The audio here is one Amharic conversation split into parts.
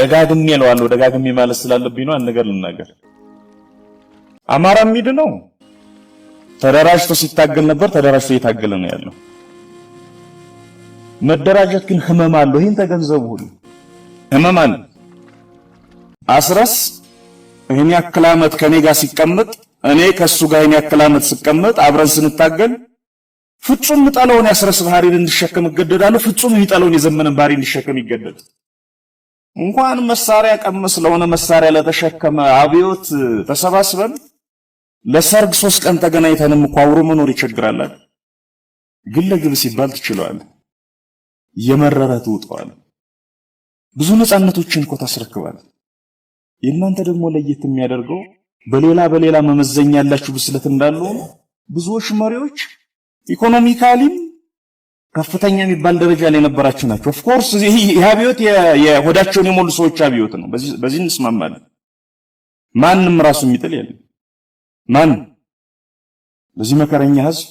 ደጋግሜ እለዋለሁ። ደጋግሜ ማለት ስላለብኝ ነው። አንድ ነገር ልናገር። አማራ ነው ተደራጅቶ ሲታገል ነበር። ተደራጅቶ እየታገለ ነው ያለው። መደራጀት ግን ህመም አለው። ይህን ተገንዘቡ። ሁሉ ህመም አለ። አስረስ ይህን ያክል ዓመት ከኔ ጋር ሲቀመጥ እኔ ከሱ ጋር ይህን ያክል ዓመት ሲቀመጥ አብረን ስንታገል ፍጹም ምጠለውን ያስረስ ባህሪን እንዲሸከም እገደዳለሁ። ፍጹም ይጠለውን የዘመነን ባህሪ እንዲሸከም ይገደዳል። እንኳን መሳሪያ ቀምስ ለሆነ መሳሪያ ለተሸከመ አብዮት ተሰባስበን ለሰርግ ሶስት ቀን ተገናኝተንም እኮ አብሮ መኖር ይቸግራል። ግን ለግብ ሲባል ትችለዋለህ። የመረረ ትውጠዋለህ። ብዙ ነፃነቶችን እኮ ታስረክባለህ። የእናንተ ደግሞ ለየት የሚያደርገው በሌላ በሌላ መመዘኛ ያላችሁ ብስለት እንዳሉ ብዙዎች መሪዎች ኢኮኖሚካሊም ከፍተኛ የሚባል ደረጃ ላይ የነበራችሁ ናቸው። ኦፍኮርስ ይህ አብዮት የሆዳቸውን የሞሉ ሰዎች አብዮት ነው። በዚህ እንስማማለን። ማንም ራሱ የሚጥል የለም። ማን በዚህ መከረኛ ህዝብ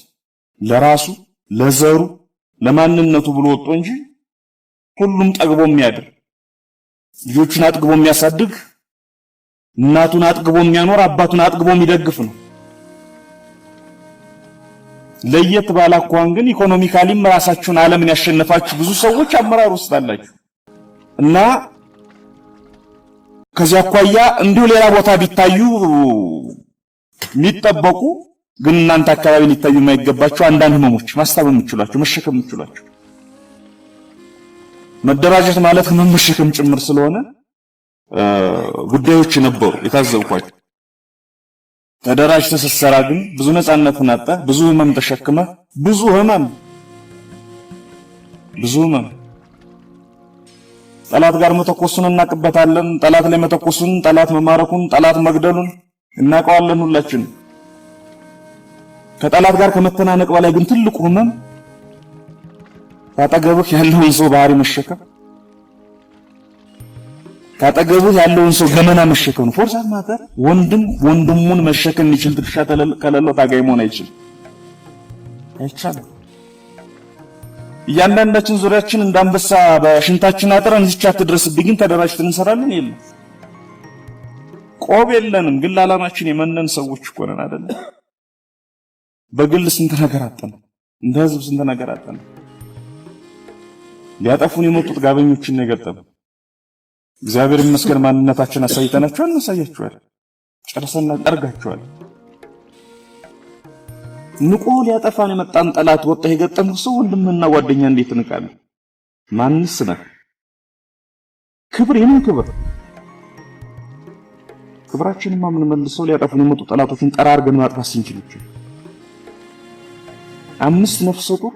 ለራሱ ለዘሩ ለማንነቱ ብሎ ወጦ እንጂ ሁሉም ጠግቦ የሚያድር ልጆቹን አጥግቦ የሚያሳድግ እናቱን አጥግቦ የሚያኖር አባቱን አጥግቦ የሚደግፍ ነው። ለየት ባላኳን ግን ኢኮኖሚካሊም ራሳችሁን ዓለምን ያሸነፋችሁ ብዙ ሰዎች አመራር ውስጥ አላችሁ እና ከዚያ አኳያ እንዲሁ ሌላ ቦታ ቢታዩ የሚጠበቁ ግን እናንተ አካባቢ ሊታዩ የማይገባቸው አንዳንድ ህመሞች ማስታብ የምችሏቸው መሸከም የምችሏቸው መደራጀት ማለት ህመም መሸከም ጭምር ስለሆነ ጉዳዮች ነበሩ የታዘብኳቸው። ተደራጅ ስትሰራ ግን ብዙ ነፃነትን አጥተህ ብዙ ህመም ተሸክመ ብዙ ህመም ብዙ ህመም ጠላት ጋር መተኮሱን እናቅበታለን። ጠላት ላይ መተኮሱን፣ ጠላት መማረኩን፣ ጠላት መግደሉን እናቀዋለን ሁላችን። ከጠላት ጋር ከመተናነቅ በላይ ግን ትልቁ ህመም ታጠገብህ ያለውን ሰው ባህሪ መሸከም ካጠገቡ ያለውን ሰው ገመና መሸከም ነው። ፎርሳት ማተር ወንድም ወንድሙን መሸከም የሚችል ድርሻ ከሌለው ታጋይ መሆን አይችልም፣ አይቻልም። እያንዳንዳችን ዙሪያችን እንዳንበሳ በሽንታችን አጥረን እዚች አትድረስብኝ ተደራጅተን እንሰራለን። የለም ቆብ የለንም፣ ግን ለዓላማችን የመነን ሰዎች እኮ ነን አይደለ? በግል ስንት ነገር አጠነ፣ እንደ ህዝብ ስንት ነገር አጠነ። ሊያጠፉን የመጡት ጋበኞችን ነው የገጠመው። እግዚአብሔር ይመስገን ማንነታችን አሳይተናቸዋል፣ እናሳያቸዋል፣ ጨርሰና ጠርጋቸዋል። ንቆ ሊያጠፋን የመጣን ጠላት ወጣ የገጠም ሰው ወንድምና ጓደኛ እንዴት ንቃል? ማንስ ነህ? ክብር የምን ክብር? ክብራችንማ ምን ሊያጠፉን የመጡ ጠላቶችን ጠራርገን ማጥፋት ስንችል አምስት ነፍሰ ጡር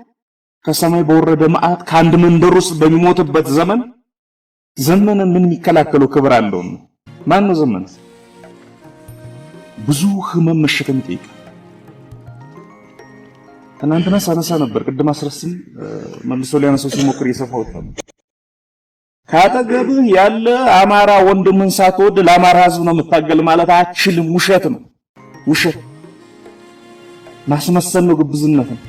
ከሰማይ በወረደ መዓት ከአንድ መንደር ውስጥ በሚሞትበት ዘመን ዘመነ ምን የሚከላከለው ክብር አለው? ማን ነው ዘመነ? ብዙ ህመም መሸከም ይጠይቃል። ትናንትና ሳነሳ ነበር፣ ቅድም አስረስም መልሶ ሊያነሳው ሲሞክር እየሰማሁት ነበር። ካጠገብህ ያለ አማራ ወንድምህን ሳትወድ ለአማራ ህዝብ ነው የምታገል ማለት አችልም። ውሸት ነው፣ ውሸት ማስመሰል ነው፣ ግብዝነት ነው።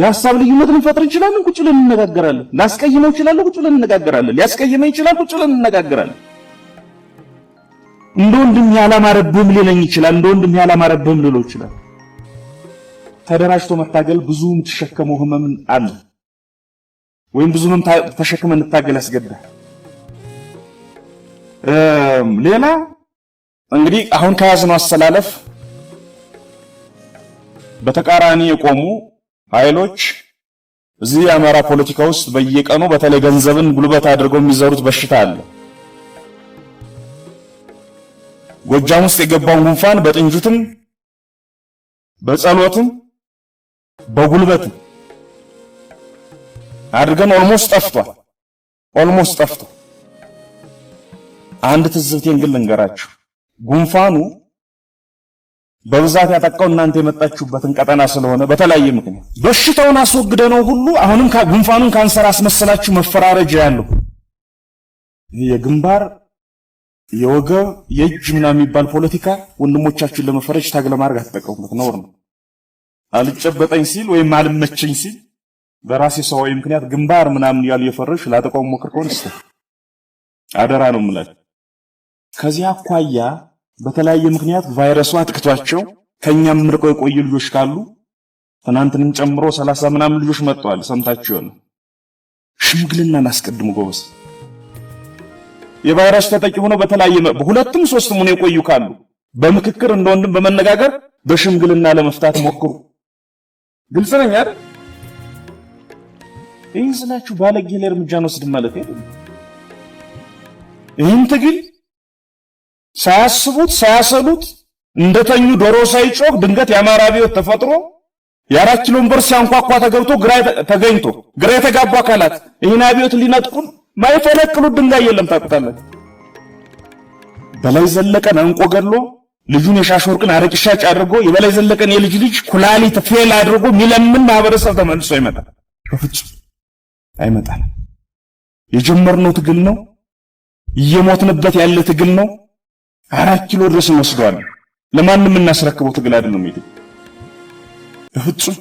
የሀሳብ ልዩነት ልንፈጥር እንችላለን፣ ቁጭ ብለን እንነጋገራለን። ላስቀይመው እችላለሁ፣ ቁጭ ብለን እንነጋገራለን። ሊያስቀይመኝ ይችላል፣ ቁጭ ብለን እንነጋገራለን። እንደ ወንድም ያላማረብህም ሊለኝ ይችላል፣ እንደ ወንድም ያላማረብህም ልለው ይችላል። ተደራጅቶ መታገል ብዙ የምትሸከመው ህመም አለ፣ ወይም ብዙ ህመም ተሸክመን እንታገል ያስገዳል። ሌላ እንግዲህ አሁን ከያዝነው አሰላለፍ በተቃራኒ የቆሙ ኃይሎች እዚህ የአማራ ፖለቲካ ውስጥ በየቀኑ በተለይ ገንዘብን ጉልበት አድርገው የሚዘሩት በሽታ አለ። ጎጃም ውስጥ የገባውን ጉንፋን በጥንጁትም በጸሎትም በጉልበት አድርገን ኦልሞስት ጠፍቷል። ኦልሞስት ጠፍቷል። አንድ ትዝብቴን ግን ልንገራችሁ ጉንፋኑ በብዛት ያጠቃው እናንተ የመጣችሁበትን ቀጠና ስለሆነ በተለያየ ምክንያት በሽታውን አስወግደ ነው ሁሉ አሁንም ጉንፋኑን ካንሰር አስመሰላችሁ መፈራረጃ ያለው የግንባር የወገብ የእጅ ምናምን የሚባል ፖለቲካ ወንድሞቻችን ለመፈረጅ ታግ ለማድረግ አትጠቀሙበት፣ ነውር ነው። አልጨበጠኝ ሲል ወይም አልመቸኝ ሲል በራሴ ሰዋዊ ምክንያት ግንባር ምናምን ያሉ የፈረሽ ላጠቃው ሞክር ከሆነ አደራ ነው የምላችሁ ከዚህ አኳያ በተለያየ ምክንያት ቫይረሱ አጥቅቷቸው ከእኛም ምርቀው የቆዩ ልጆች ካሉ ትናንትንም ጨምሮ ሰላሳ ምናምን ልጆች መጥተዋል። ሰምታችሁ ይሆን? ሽምግልናን አስቀድሙ ጎበዝ። የቫይረሱ ተጠቂ ሆኖ በተለያየ በሁለቱም ሶስትም ሆነ የቆዩ ካሉ በምክክር እንደወንድም በመነጋገር በሽምግልና ለመፍታት ሞክሩ። ግልጽ ነኝ አይደል? ይህ ስላችሁ ባለጌ ላይ እርምጃ እንወስድ ማለት አይደለም። ይህን ትግል ሳያስቡት ሳያሰሉት እንደተኙ ዶሮ ሳይጮህ ድንገት የአማራ አብዮት ተፈጥሮ የአራት ኪሎን በር ሲያንኳኳ ተገብቶ ግራ ተገኝቶ ግራ የተጋቡ አካላት ይህን አብዮት ሊነጥቁን ማይፈለቅሉት ድንጋይ የለም። ታውቁታለህ። በላይ ዘለቀን አንቆ ገድሎ ልጁን የሻሽ ወርቅን አረቂ ሻጭ አድርጎ የበላይ ዘለቀን የልጅ ልጅ ኩላሊት ፌል አድርጎ የሚለምን ማህበረሰብ ተመልሶ ይመጣል? በፍጹም አይመጣል። የጀመርነው ትግል ነው። እየሞትንበት ያለ ትግል ነው። አራት ኪሎ ድረስ እንወስደዋለን። ለማንም እናስረክበው ትግል አይደለም ኢትዮጵያ በፍጹም።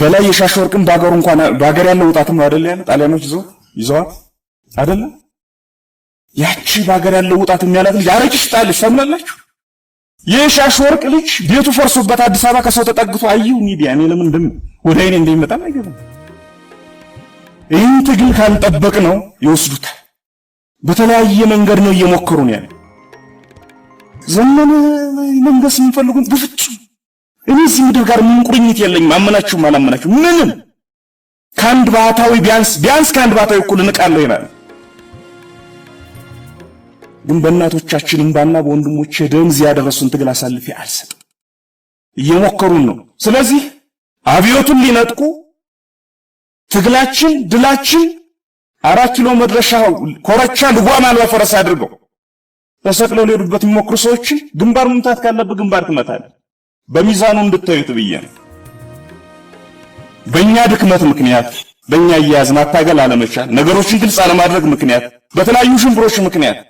በላይ የሻሽ ወርቅም በሀገሩ እንኳን በሀገር ያለው ውጣትም አይደለ ያለ ጣሊያኖች ይዘው ይዘዋት አይደለ ያቺ በሀገር ያለው ውጣት የሚያላት ልጅ አረቂሽ ጣልሽ ታምላላችሁ። የሻሽ ወርቅ ልጅ ቤቱ ፈርሶበት አዲስ አበባ ከሰው ተጠግቶ አዩ ሚዲያ እኔ ለምን እንደም ወደ አይኔ እንደሚመጣ አይገባም። ይህን ትግል ካልጠበቅ ነው ይወስዱታል። በተለያየ መንገድ ነው እየሞከሩ ነው ያለ ዘመነ መንገስ የሚፈልጉ በፍጹም እኔ እዚህ ምድር ጋር ምን ቁርኝት የለኝም። አመናችሁም አላመናችሁም ምንም ከአንድ ባህታዊ ቢያንስ ቢያንስ ከአንድ ባህታዊ እኩል እንቃለሁ ይላል። ግን በእናቶቻችን እንባና በወንድሞቼ ደም እዚህ ያደረሱን ትግል አሳልፌ አልሰጥም። እየሞከሩን ነው። ስለዚህ አብዮቱን ሊነጥቁ ትግላችን ድላችን አራት ኪሎ መድረሻ ኮረቻ ልጓም አልባ ፈረስ አድርገው ተሰቅለው ሊሄዱበት የሚሞክሩ ሰዎችን ግንባር መምታት ካለብህ ግንባር ትመታለህ። በሚዛኑ እንድታዩት ብዬ ነው። በእኛ ድክመት ምክንያት፣ በእኛ አያያዝ ማታገል አለመቻል፣ ነገሮችን ግልጽ አለማድረግ ምክንያት፣ በተለያዩ ሽንብሮች ምክንያት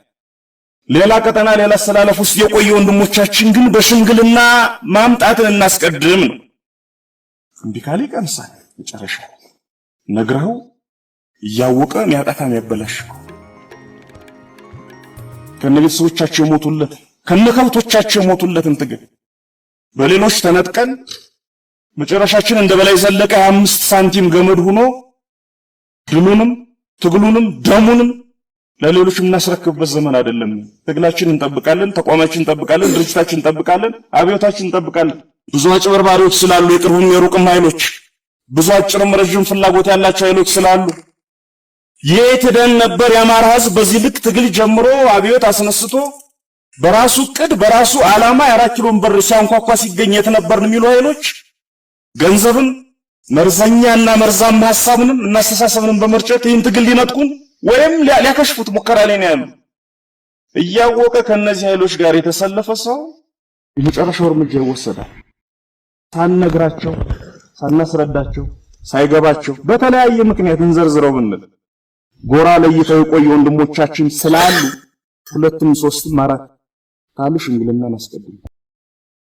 ሌላ ቀጠና ሌላ አስተላለፍ ውስጥ የቆየ ወንድሞቻችን ግን በሽምግልና ማምጣትን እናስቀድም ነው። እምቢ ካለ ይቀንሳል። መጨረሻ እያወቀ ሚያጠፋ የሚያበላሽ ከነ ቤተሰቦቻቸው የሞቱለት ከነ ከብቶቻቸው የሞቱለትን ትግል በሌሎች ተነጥቀን መጨረሻችን እንደ በላይ ዘለቀ አምስት ሳንቲም ገመድ ሆኖ ድሉንም ትግሉንም ደሙንም ለሌሎች የምናስረክብበት ዘመን አይደለም። ትግላችን እንጠብቃለን፣ ተቋማችን እንጠብቃለን፣ ድርጅታችን እንጠብቃለን፣ አብዮታችን እንጠብቃለን። ብዙ አጭበርባሪዎች ስላሉ የቅርብም የሩቅም ኃይሎች ብዙ አጭርም ረዥም ፍላጎት ያላቸው ኃይሎች ስላሉ የት ደን ነበር የአማራ ህዝብ በዚህ ልክ ትግል ጀምሮ አብዮት አስነስቶ በራሱ ቅድ በራሱ ዓላማ የአራት ኪሎን በር ሲያንኳኳ ሲገኝ የት ነበርን የሚሉ ኃይሎች ገንዘብን መርዘኛና መርዛም ሀሳብንም እና አስተሳሰብንም በመርጨት ይህን ትግል ሊነጥቁን ወይም ሊያከሽፉት ሙከራ ላይ ነው ያሉ። እያወቀ ከእነዚህ ኃይሎች ጋር የተሰለፈ ሰው የመጨረሻው እርምጃ ይወሰዳል። ሳንነግራቸው፣ ሳናስረዳቸው፣ ሳይገባቸው በተለያየ ምክንያት እንዘርዝረው ብንል ጎራ ለይተው የቆዩ ወንድሞቻችን ስላሉ ሁለትም ሶስትም አራት ታልሽ እንግልና አስቀድም